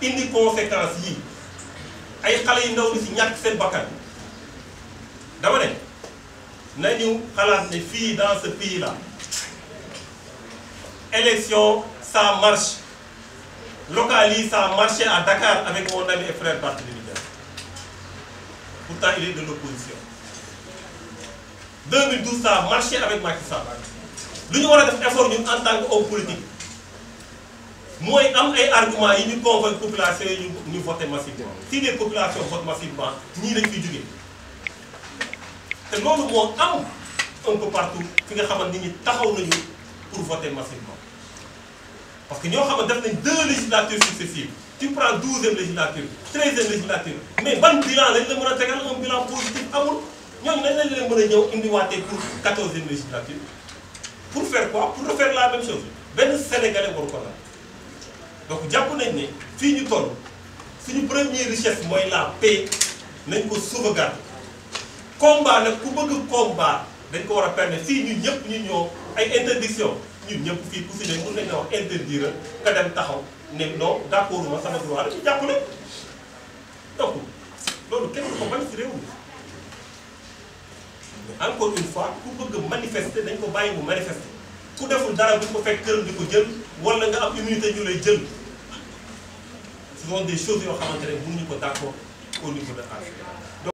indi conséquences yi ay xalé yi ndaw ci si seen bakkan dama né nañu xalaat né fi dans ce pays là élection ça marche Localis, ça marchait à Dakar avec mon ami et frère parti pourtant il est de l'opposition 2012 ça marchait avec Macky Sall Nous ñu a def effort ñun en tant que politique nous am ay argument yi convaincre population yi ñu voter massivement si les populations votent massivement nous lañ fi jugé té lolu nous am un peu partout fi nga xamante ni taxaw nañu pour voter massivement parce que nous avons def nañ deux législatures successives tu prends douzième législature 13e législature mais ban bilan lañ la mën tégal un bilan positif amul ñooñu nañ lañ leen mën ñëw indi pour quatorzième législature pour faire quoi pour refaire la même chose ben sénégalais war ko là donc les nañ ne ton, richesse la paix nous ko sauvegarder combat le de combat dañ permettre nous ñëpp une interdiction nous ñëpp interdire ka dem taxaw nous non donc nous devons ko nous encore une fois pour de manifester nous ko manifester. ku deful dara bu ko fekk këram di ko jël wala nga am immunité ñu lay jël ce sont des choses yoo xamante ne mënuñu ko d'accord au niveau de